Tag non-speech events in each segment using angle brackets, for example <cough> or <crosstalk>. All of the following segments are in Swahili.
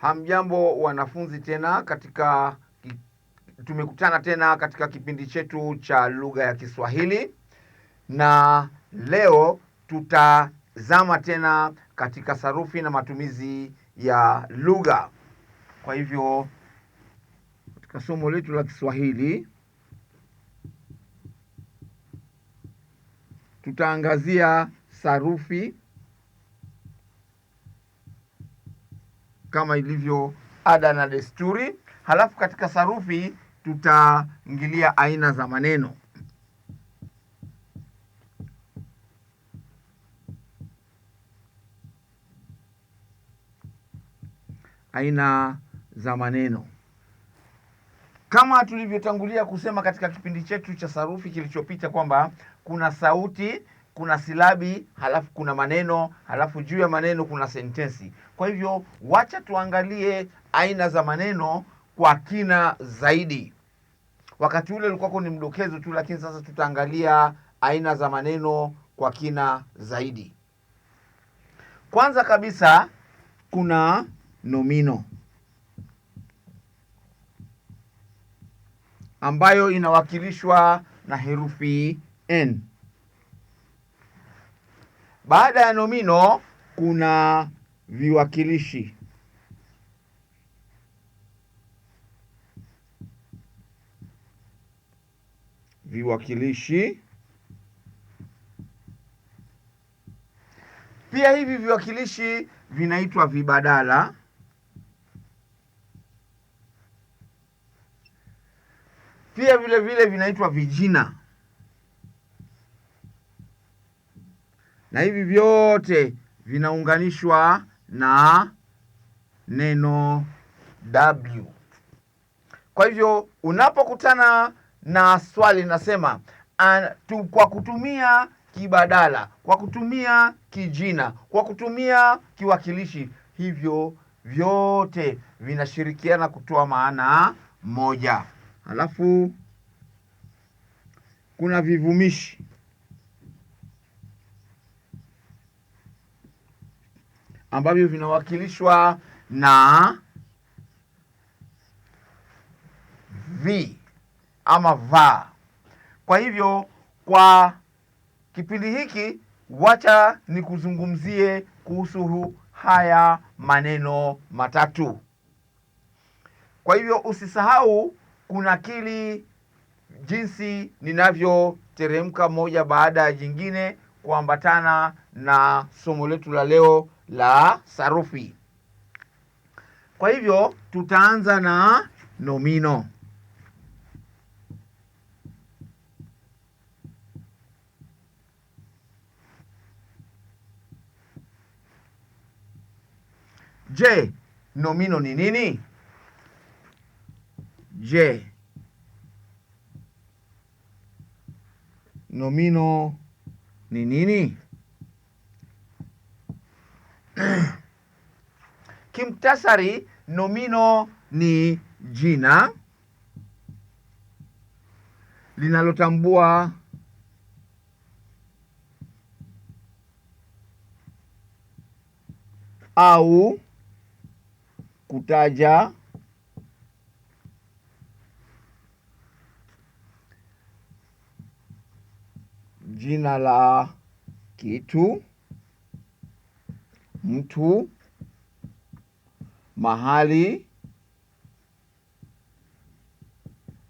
Hamjambo wanafunzi, tena katika tumekutana tena katika kipindi chetu cha lugha ya Kiswahili, na leo tutazama tena katika sarufi na matumizi ya lugha. Kwa hivyo katika somo letu la Kiswahili tutaangazia sarufi kama ilivyo ada na desturi. Halafu katika sarufi tutaingilia aina za maneno. Aina za maneno kama tulivyotangulia kusema katika kipindi chetu cha sarufi kilichopita kwamba kuna sauti kuna silabi halafu kuna maneno halafu juu ya maneno kuna sentensi. Kwa hivyo wacha tuangalie aina za maneno kwa kina zaidi. Wakati ule ulikuwako ni mdokezo tu, lakini sasa tutaangalia aina za maneno kwa kina zaidi. Kwanza kabisa kuna nomino ambayo inawakilishwa na herufi N. Baada ya nomino kuna viwakilishi. Viwakilishi pia, hivi viwakilishi vinaitwa vibadala. Pia vile vile vinaitwa vijina. na hivi vyote vinaunganishwa na neno w. Kwa hivyo unapokutana na swali nasema tu, kwa kutumia kibadala, kwa kutumia kijina, kwa kutumia kiwakilishi, hivyo vyote vinashirikiana kutoa maana moja. Halafu kuna vivumishi. ambavyo vinawakilishwa na v ama va. Kwa hivyo kwa kipindi hiki, wacha nikuzungumzie kuhusu haya maneno matatu. Kwa hivyo usisahau kunakili jinsi ninavyoteremka moja baada ya jingine kuambatana na somo letu la leo la sarufi. Kwa hivyo tutaanza na nomino. Je, nomino ni nini? Je, nomino ni nini? muktasari, nomino ni jina linalotambua au kutaja jina la kitu, mtu mahali,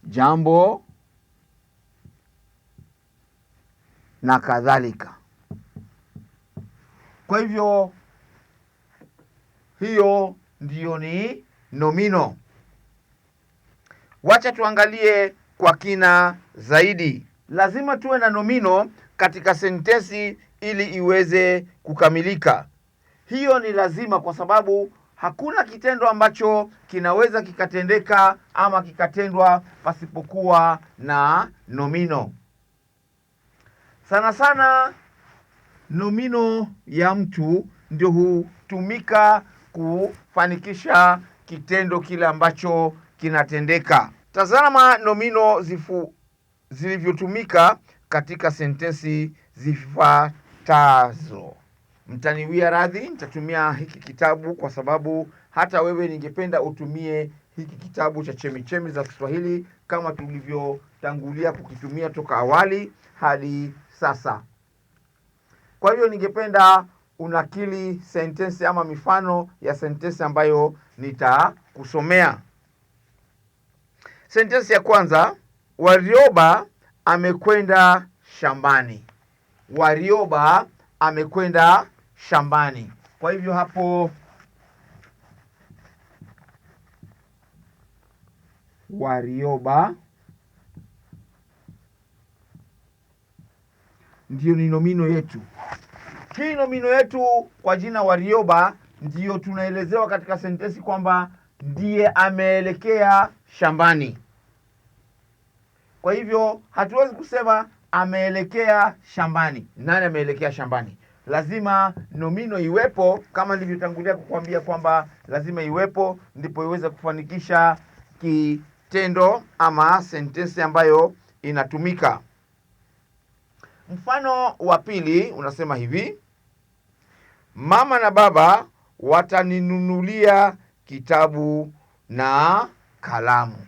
jambo na kadhalika. Kwa hivyo hiyo ndiyo ni nomino. Wacha tuangalie kwa kina zaidi. Lazima tuwe na nomino katika sentensi ili iweze kukamilika. Hiyo ni lazima, kwa sababu Hakuna kitendo ambacho kinaweza kikatendeka ama kikatendwa pasipokuwa na nomino. Sana sana nomino ya mtu ndio hutumika kufanikisha kitendo kile ambacho kinatendeka. Tazama nomino zifu zilivyotumika katika sentensi zifatazo mtaniwia radhi, nitatumia hiki kitabu kwa sababu hata wewe ningependa utumie hiki kitabu cha Chemichemi za Kiswahili kama tulivyotangulia kukitumia toka awali hadi sasa. Kwa hivyo ningependa unakili sentensi ama mifano ya sentensi ambayo nitakusomea. Sentensi ya kwanza, Warioba amekwenda shambani. Warioba amekwenda shambani. Kwa hivyo hapo Warioba ndiyo nomino yetu. Hii nomino yetu kwa jina Warioba ndiyo tunaelezewa katika sentensi kwamba ndiye ameelekea shambani. Kwa hivyo hatuwezi kusema ameelekea shambani. Nani ameelekea shambani? lazima nomino iwepo, kama nilivyotangulia kukuambia kwamba lazima iwepo, ndipo iweze kufanikisha kitendo ama sentensi ambayo inatumika. Mfano wa pili unasema hivi: mama na baba wataninunulia kitabu na kalamu.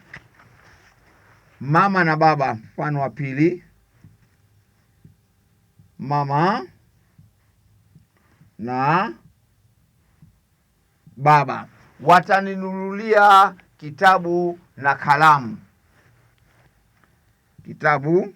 Mama na baba, mfano wa pili: mama na baba, wataninunulia kitabu na kalamu. Kitabu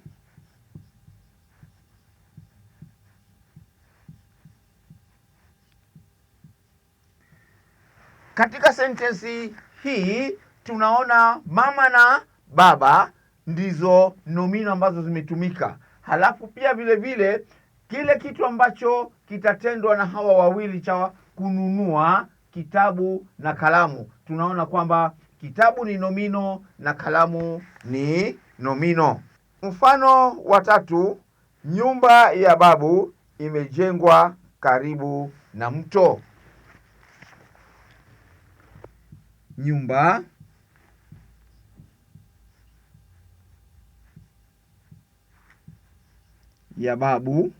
katika sentensi hii tunaona mama na baba ndizo nomino ambazo zimetumika, halafu pia vile vile kile kitu ambacho kitatendwa na hawa wawili cha kununua kitabu na kalamu. Tunaona kwamba kitabu ni nomino na kalamu ni nomino. Mfano wa tatu, nyumba ya babu imejengwa karibu na mto. Nyumba ya babu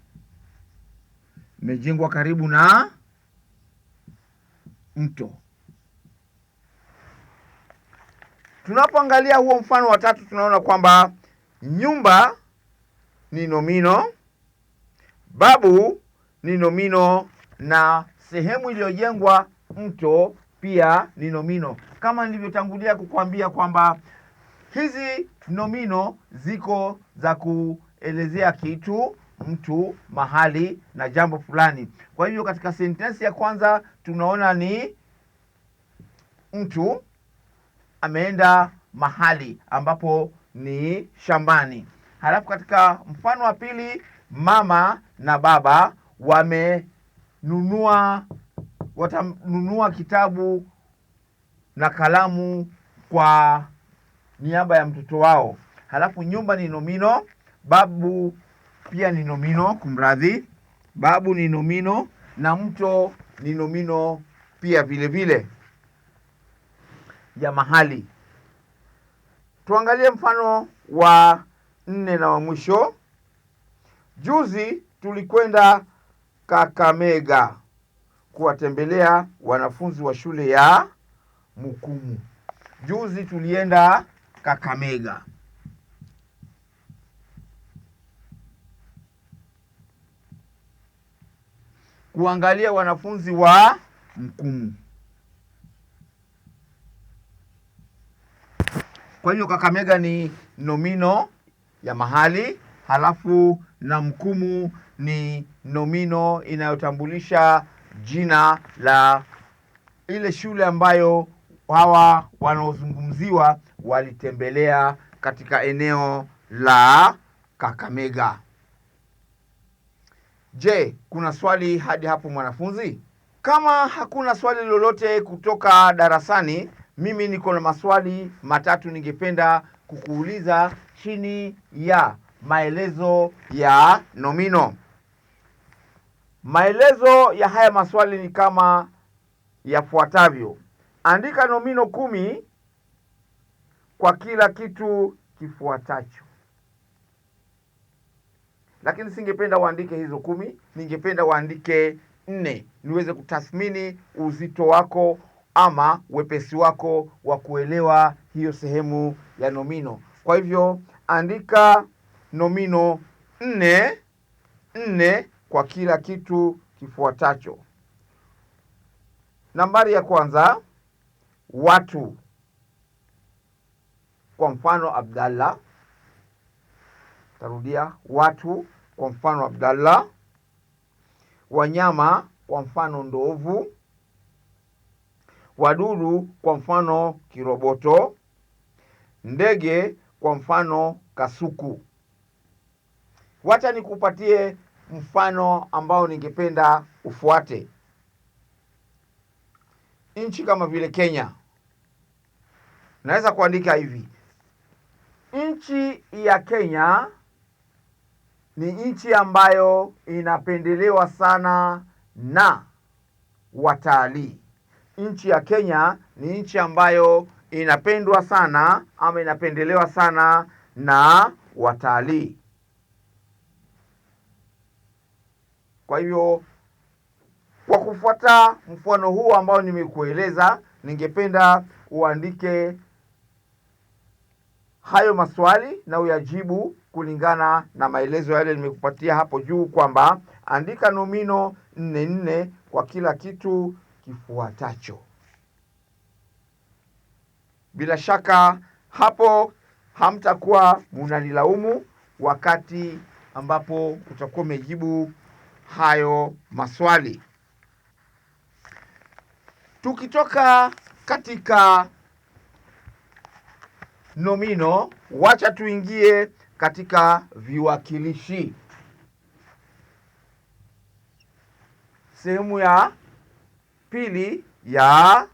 imejengwa karibu na mto. Tunapoangalia huo mfano wa tatu, tunaona kwamba nyumba ni nomino, babu ni nomino na sehemu iliyojengwa mto pia ni nomino. Kama nilivyotangulia kukwambia kwamba hizi nomino ziko za kuelezea kitu mtu mahali na jambo fulani. Kwa hivyo katika sentensi ya kwanza tunaona ni mtu ameenda mahali ambapo ni shambani. Halafu katika mfano wa pili, mama na baba wamenunua, watanunua kitabu na kalamu kwa niaba ya mtoto wao. Halafu nyumba ni nomino, babu pia ni nomino, kumradhi. Babu ni nomino na mto ni nomino pia vile vile ya mahali. Tuangalie mfano wa nne na wa mwisho. Juzi tulikwenda Kakamega kuwatembelea wanafunzi wa shule ya Mukumu. Juzi tulienda Kakamega. kuangalia wanafunzi wa Mkumu. Kwa hiyo Kakamega ni nomino ya mahali, halafu na Mkumu ni nomino inayotambulisha jina la ile shule ambayo hawa wanaozungumziwa walitembelea katika eneo la Kakamega. Je, kuna swali hadi hapo mwanafunzi? Kama hakuna swali lolote kutoka darasani, mimi niko na maswali matatu ningependa kukuuliza chini ya maelezo ya nomino. Maelezo ya haya maswali ni kama yafuatavyo: andika nomino kumi kwa kila kitu kifuatacho lakini singependa waandike hizo kumi, ningependa waandike nne, niweze kutathmini uzito wako ama wepesi wako wa kuelewa hiyo sehemu ya nomino. Kwa hivyo andika nomino nne nne kwa kila kitu kifuatacho. Nambari ya kwanza watu, kwa mfano Abdallah tarudia watu, kwa mfano Abdallah, wanyama, kwa mfano ndovu, wadudu, kwa mfano kiroboto, ndege, kwa mfano kasuku. Wacha nikupatie mfano ambao ningependa ufuate. Nchi kama vile Kenya, naweza kuandika hivi: nchi ya Kenya ni nchi ambayo inapendelewa sana na watalii. Nchi ya Kenya ni nchi ambayo inapendwa sana ama inapendelewa sana na watalii. Kwa hivyo, kwa kufuata mfano huu ambao nimekueleza, ningependa uandike hayo maswali na uyajibu kulingana na maelezo yale nimekupatia hapo juu, kwamba andika nomino nne nne kwa kila kitu kifuatacho. Bila shaka hapo hamtakuwa munanilaumu wakati ambapo utakuwa umejibu hayo maswali. Tukitoka katika nomino. Wacha tuingie katika viwakilishi, sehemu ya pili ya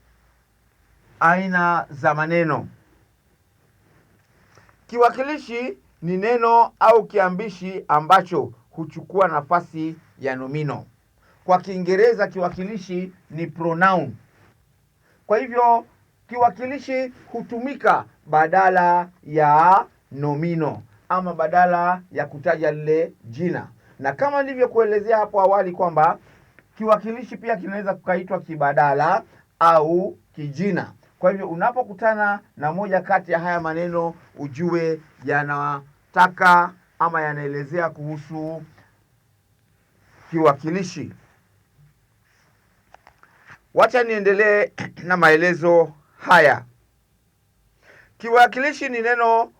aina za maneno. Kiwakilishi ni neno au kiambishi ambacho huchukua nafasi ya nomino. Kwa Kiingereza kiwakilishi ni pronoun. Kwa hivyo kiwakilishi hutumika badala ya nomino ama badala ya kutaja lile jina, na kama nilivyokuelezea hapo awali kwamba kiwakilishi pia kinaweza kukaitwa kibadala au kijina. Kwa hivyo unapokutana na moja kati ya haya maneno, ujue yanataka ama yanaelezea kuhusu kiwakilishi. Wacha niendelee <clears throat> na maelezo haya. Kiwakilishi ni neno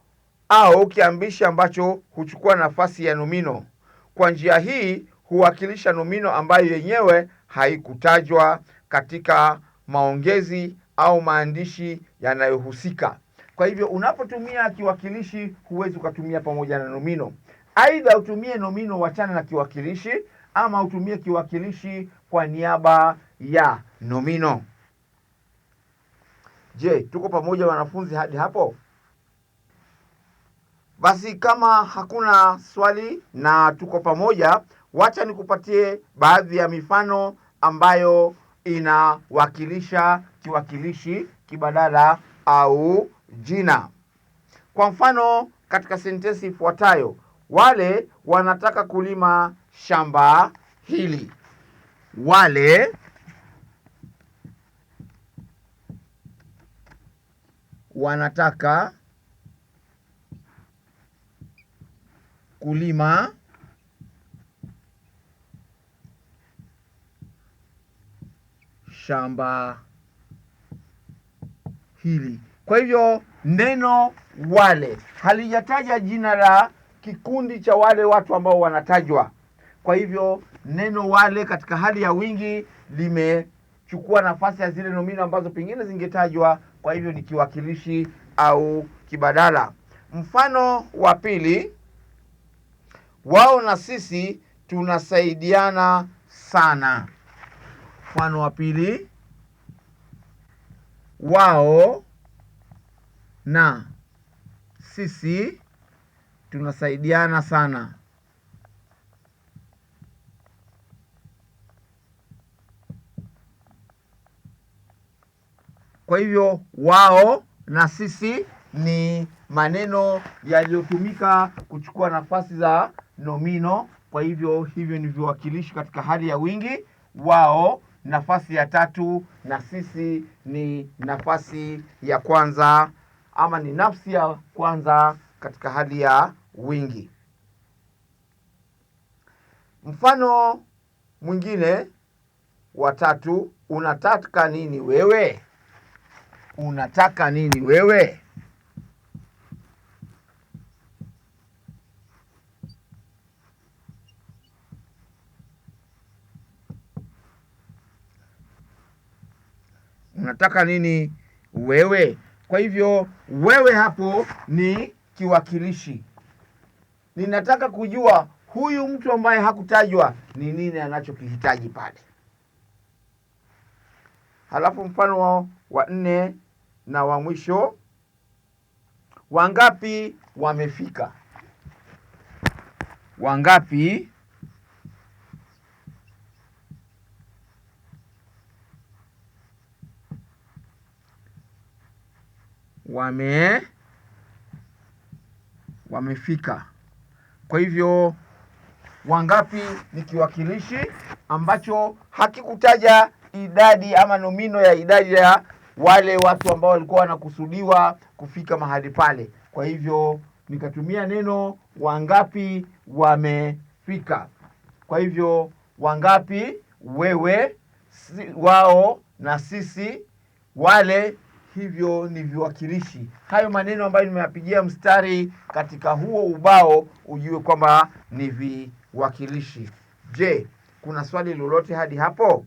au kiambishi ambacho huchukua nafasi ya nomino. Kwa njia hii huwakilisha nomino ambayo yenyewe haikutajwa katika maongezi au maandishi yanayohusika. Kwa hivyo unapotumia kiwakilishi huwezi ukatumia pamoja na nomino. Aidha utumie nomino wachana na kiwakilishi, ama utumie kiwakilishi kwa niaba ya nomino. Je, tuko pamoja wanafunzi hadi hapo? Basi kama hakuna swali na tuko pamoja, wacha nikupatie baadhi ya mifano ambayo inawakilisha kiwakilishi, kibadala au jina. Kwa mfano, katika sentensi ifuatayo, wale wanataka kulima shamba hili. Wale wanataka kulima shamba hili. Kwa hivyo neno wale halijataja jina la kikundi cha wale watu ambao wanatajwa. Kwa hivyo neno wale katika hali ya wingi limechukua nafasi ya zile nomino ambazo pengine zingetajwa kwa hivyo ni kiwakilishi au kibadala. Mfano wa pili, wao na sisi tunasaidiana sana. Mfano wa pili, wao na sisi tunasaidiana sana. Kwa hivyo wao na sisi ni maneno yaliyotumika kuchukua nafasi za nomino. Kwa hivyo hivyo ni viwakilishi katika hali ya wingi, wao nafasi ya tatu na sisi ni nafasi ya kwanza, ama ni nafsi ya kwanza katika hali ya wingi. Mfano mwingine wa tatu, unataka nini wewe? unataka nini wewe? Unataka nini wewe? Kwa hivyo wewe hapo ni kiwakilishi. Ninataka kujua huyu mtu ambaye hakutajwa ni nini anachokihitaji pale. Halafu mfano wa nne na wa mwisho. Wangapi wamefika? Wangapi wame wamefika. Kwa hivyo wangapi ni kiwakilishi ambacho hakikutaja idadi ama nomino ya idadi ya wale watu ambao walikuwa wanakusudiwa kufika mahali pale. Kwa hivyo nikatumia neno wangapi wamefika. Kwa hivyo wangapi, wewe, si, wao na sisi, wale hivyo ni viwakilishi. Hayo maneno ambayo nimeyapigia mstari katika huo ubao, ujue kwamba ni viwakilishi. Je, kuna swali lolote hadi hapo?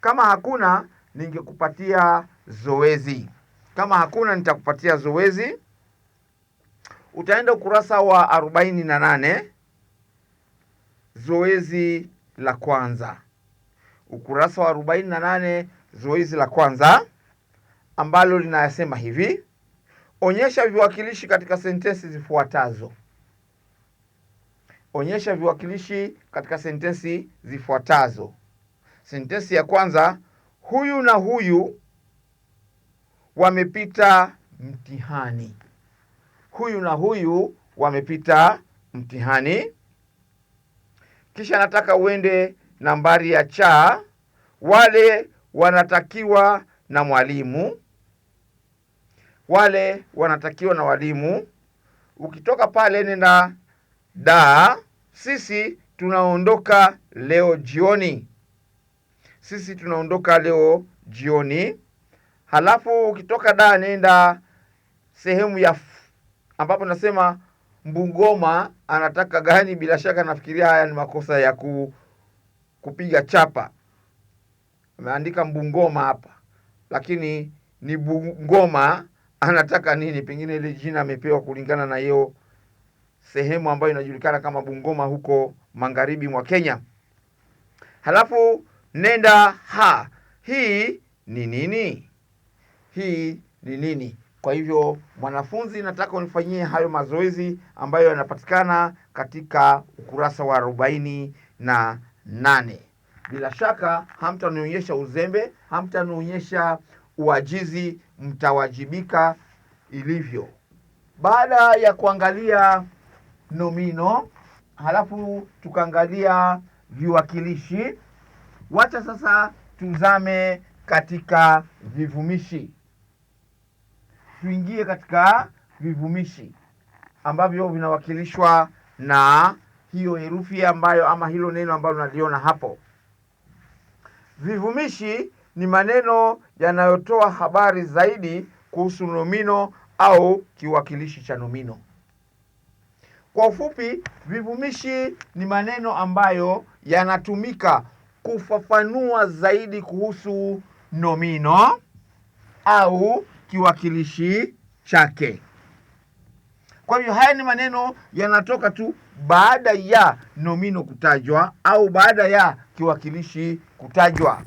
Kama hakuna, ningekupatia zoezi. Kama hakuna nitakupatia zoezi. Utaenda ukurasa wa 48 zoezi la kwanza, ukurasa wa 48 zoezi la kwanza ambalo linasema hivi: onyesha viwakilishi katika sentensi zifuatazo. Onyesha viwakilishi katika sentensi zifuatazo. Sentensi ya kwanza, huyu na huyu wamepita mtihani, huyu na huyu wamepita mtihani. Kisha nataka uende nambari ya cha wale wanatakiwa na mwalimu, wale wanatakiwa na walimu. Ukitoka pale nenda da, sisi tunaondoka leo jioni, sisi tunaondoka leo jioni. Halafu ukitoka da nenda sehemu ya ambapo nasema Mbungoma anataka gani? Bila shaka nafikiria haya ni makosa ya ku, kupiga chapa. Ameandika Mbungoma hapa, lakini ni Bungoma anataka nini? Pengine ile jina amepewa kulingana na hiyo sehemu ambayo inajulikana kama Bungoma huko magharibi mwa Kenya. Halafu nenda ha, hii ni nini? hii ni nini. Kwa hivyo mwanafunzi, nataka unifanyie hayo mazoezi ambayo yanapatikana katika ukurasa wa arobaini na nane. Bila shaka hamtanionyesha uzembe, hamtanionyesha uajizi, mtawajibika ilivyo. Baada ya kuangalia nomino, halafu tukaangalia viwakilishi, wacha sasa tuzame katika vivumishi tuingie katika vivumishi ambavyo vinawakilishwa na hiyo herufi ambayo ama hilo neno ambalo naliona hapo. Vivumishi ni maneno yanayotoa habari zaidi kuhusu nomino au kiwakilishi cha nomino. Kwa ufupi, vivumishi ni maneno ambayo yanatumika kufafanua zaidi kuhusu nomino au kiwakilishi chake. Kwa hivyo haya ni maneno yanatoka tu baada ya nomino kutajwa au baada ya kiwakilishi kutajwa.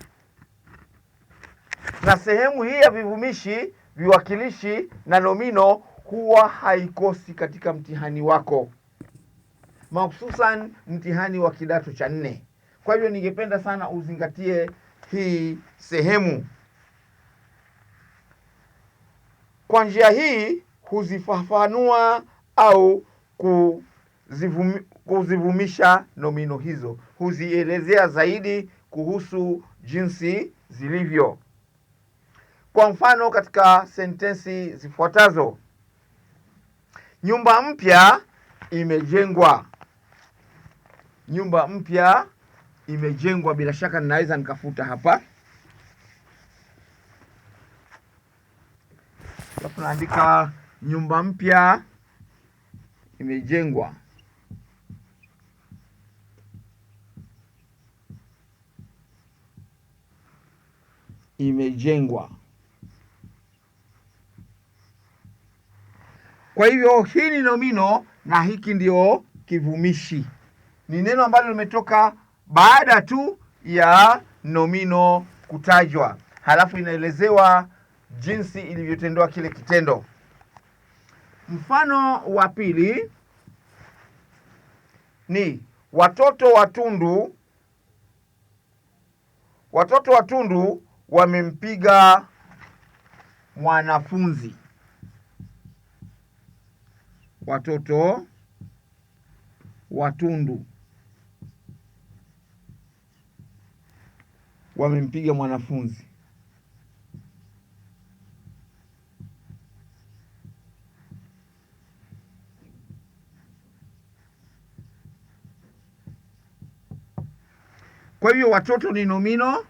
Na sehemu hii ya vivumishi, viwakilishi na nomino huwa haikosi katika mtihani wako, mahususan mtihani wa kidato cha nne. Kwa hivyo ningependa sana uzingatie hii sehemu. Kwa njia hii huzifafanua au kuzivumi, kuzivumisha nomino hizo, huzielezea zaidi kuhusu jinsi zilivyo. Kwa mfano katika sentensi zifuatazo: nyumba mpya imejengwa. Nyumba mpya imejengwa, bila shaka ninaweza nikafuta hapa. naandika nyumba mpya imejengwa. Imejengwa. Kwa hivyo hii ni nomino na hiki ndio kivumishi. Ni neno ambalo limetoka baada tu ya nomino kutajwa, halafu inaelezewa jinsi ilivyotendewa kile kitendo. Mfano wa pili ni watoto watundu, watoto watundu wamempiga mwanafunzi. Watoto watundu wamempiga mwanafunzi. Kwa hiyo watoto ni nomino,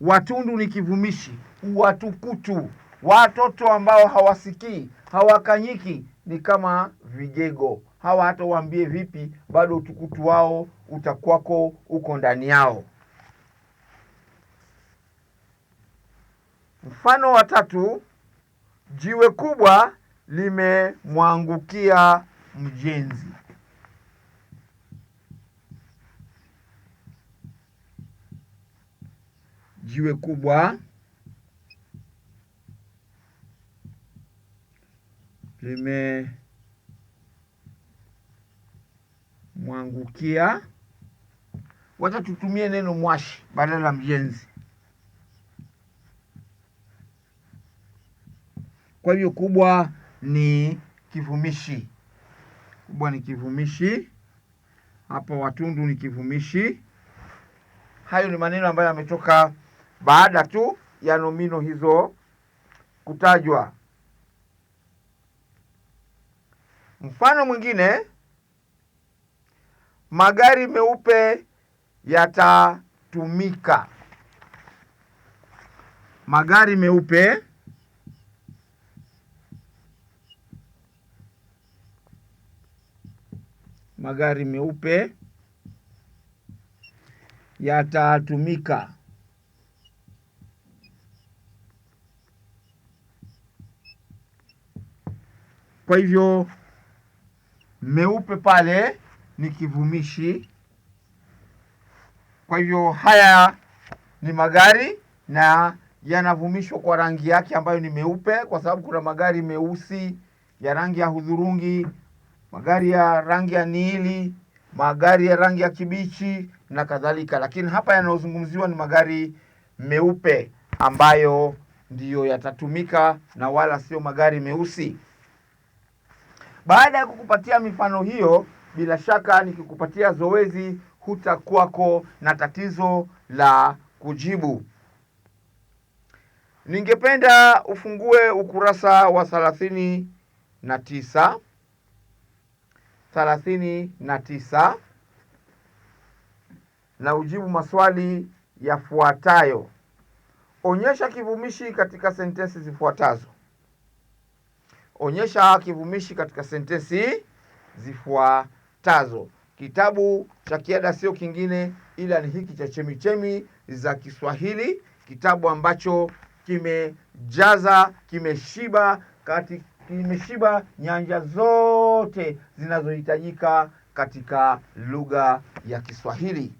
watundu ni kivumishi, watukutu, watoto ambao hawasikii hawakanyiki ni kama vijego hawa, hata waambie vipi, bado utukutu wao utakwako uko ndani yao. Mfano wa tatu, jiwe kubwa limemwangukia mjenzi. jiwe kubwa limemwangukia. Wacha tutumie neno mwashi badala la mjenzi. Kwa hivyo kubwa ni kivumishi, kubwa ni kivumishi hapa. Watundu ni kivumishi. Hayo ni maneno ambayo yametoka baada tu ya nomino hizo kutajwa. Mfano mwingine, magari meupe yatatumika. Magari meupe magari meupe yatatumika. Kwa hivyo meupe pale ni kivumishi. Kwa hivyo haya ni magari na yanavumishwa kwa rangi yake ambayo ni meupe, kwa sababu kuna magari meusi ya rangi ya hudhurungi, magari ya rangi ya niili magari ya rangi ya kibichi na kadhalika. Lakini hapa yanayozungumziwa ni magari meupe ambayo ndiyo yatatumika na wala sio magari meusi. Baada ya kukupatia mifano hiyo, bila shaka nikikupatia zoezi hutakuwako na tatizo la kujibu. Ningependa ufungue ukurasa wa thalathini na tisa na tisa na ujibu maswali yafuatayo. Onyesha kivumishi katika sentensi zifuatazo. Onyesha kivumishi katika sentensi zifuatazo. Kitabu cha kiada sio kingine ila ni hiki cha Chemichemi za Kiswahili, kitabu ambacho kimejaza, kimeshiba kati, kimeshiba nyanja zote zinazohitajika katika lugha ya Kiswahili.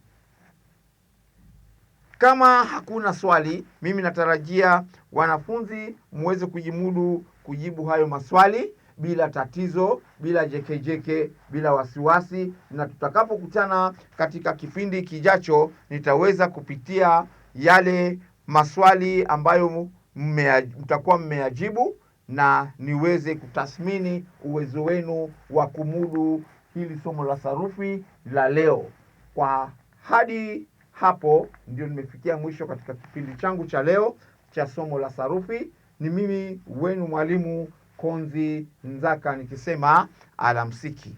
Kama hakuna swali, mimi natarajia wanafunzi mweze kujimudu kujibu hayo maswali bila tatizo, bila jekejeke, bila wasiwasi, na tutakapokutana katika kipindi kijacho, nitaweza kupitia yale maswali ambayo mtakuwa mmeyajibu na niweze kutathmini uwezo wenu wa kumudu hili somo la sarufi la leo kwa hadi hapo ndio nimefikia mwisho katika kipindi changu cha leo cha somo la sarufi. Ni mimi wenu mwalimu Konzi Nzaka nikisema alamsiki.